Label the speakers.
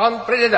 Speaker 1: Πάμε πριν